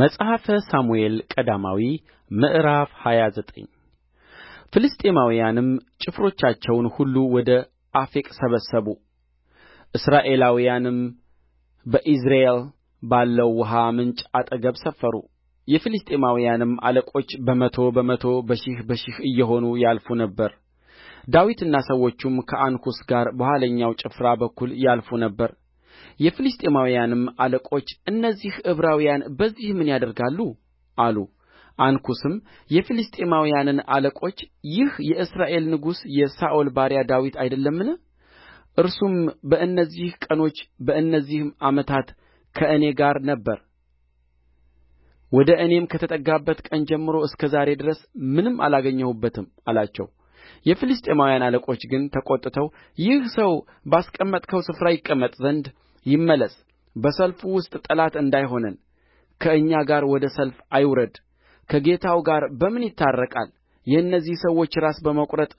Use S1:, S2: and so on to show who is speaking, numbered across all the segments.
S1: መጽሐፈ ሳሙኤል ቀዳማዊ ምዕራፍ ሃያ ዘጠኝ ፍልስጥኤማውያንም ጭፍሮቻቸውን ሁሉ ወደ አፌቅ ሰበሰቡ እስራኤላውያንም በኢይዝራኤል ባለው ውኃ ምንጭ አጠገብ ሰፈሩ የፍልስጥኤማውያንም አለቆች በመቶ በመቶ በሺህ በሺህ እየሆኑ ያልፉ ነበር ዳዊትና ሰዎቹም ከአንኩስ ጋር በኋለኛው ጭፍራ በኩል ያልፉ ነበር የፍልስጥኤማውያንም አለቆች እነዚህ ዕብራውያን በዚህ ምን ያደርጋሉ አሉ አንኩስም የፍልስጥኤማውያንን አለቆች ይህ የእስራኤል ንጉሥ የሳኦል ባሪያ ዳዊት አይደለምን እርሱም በእነዚህ ቀኖች በእነዚህም ዓመታት ከእኔ ጋር ነበረ ወደ እኔም ከተጠጋበት ቀን ጀምሮ እስከ ዛሬ ድረስ ምንም አላገኘሁበትም አላቸው የፍልስጥኤማውያን አለቆች ግን ተቈጥተው ይህ ሰው ባስቀመጥኸው ስፍራ ይቀመጥ ዘንድ ይመለስ በሰልፉ ውስጥ ጠላት እንዳይሆነን ከእኛ ጋር ወደ ሰልፍ አይውረድ ከጌታው ጋር በምን ይታረቃል የእነዚህ ሰዎች ራስ በመቍረጥ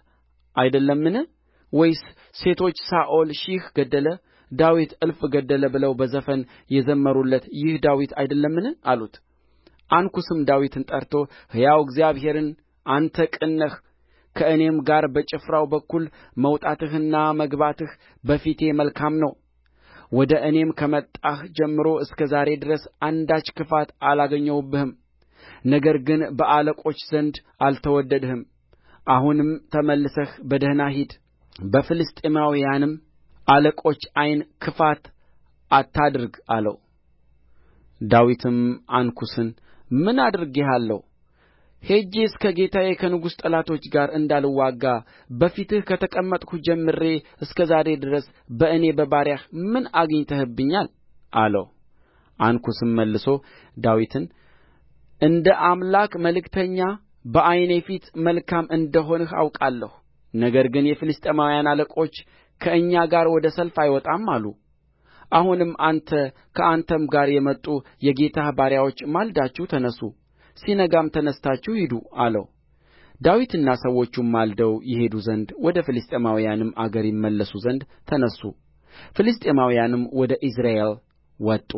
S1: አይደለምን ወይስ ሴቶች ሳኦል ሺህ ገደለ ዳዊት እልፍ ገደለ ብለው በዘፈን የዘመሩለት ይህ ዳዊት አይደለምን አሉት አንኩስም ዳዊትን ጠርቶ ሕያው እግዚአብሔርን አንተ ቅን ነህ ከእኔም ጋር በጭፍራው በኩል መውጣትህና መግባትህ በፊቴ መልካም ነው። ወደ እኔም ከመጣህ ጀምሮ እስከ ዛሬ ድረስ አንዳች ክፋት አላገኘሁብህም። ነገር ግን በአለቆች ዘንድ አልተወደድህም። አሁንም ተመልሰህ በደህና ሂድ፣ በፍልስጥኤማውያንም አለቆች ዓይን ክፋት አታድርግ አለው። ዳዊትም አንኩስን ምን አድርጌሃለሁ? ሄጄስ ከጌታዬ ከንጉሡ ጠላቶች ጋር እንዳልዋጋ በፊትህ ከተቀመጥሁ ጀምሬ እስከ ዛሬ ድረስ በእኔ በባሪያህ ምን አግኝተህብኛል አለው አንኩስም መልሶ ዳዊትን እንደ አምላክ መልእክተኛ በዓይኔ ፊት መልካም እንደ ሆንህ አውቃለሁ ነገር ግን የፍልስጥኤማውያን አለቆች ከእኛ ጋር ወደ ሰልፍ አይወጣም አሉ አሁንም አንተ ከአንተም ጋር የመጡ የጌታህ ባሪያዎች ማልዳችሁ ተነሡ ሲነጋም ተነሥታችሁ ሂዱ አለው ዳዊትና ሰዎቹም ማልደው ይሄዱ ዘንድ ወደ ፍልስጥኤማውያንም አገር ይመለሱ ዘንድ ተነሡ ፍልስጥኤማውያንም ወደ ኢይዝራኤል ወጡ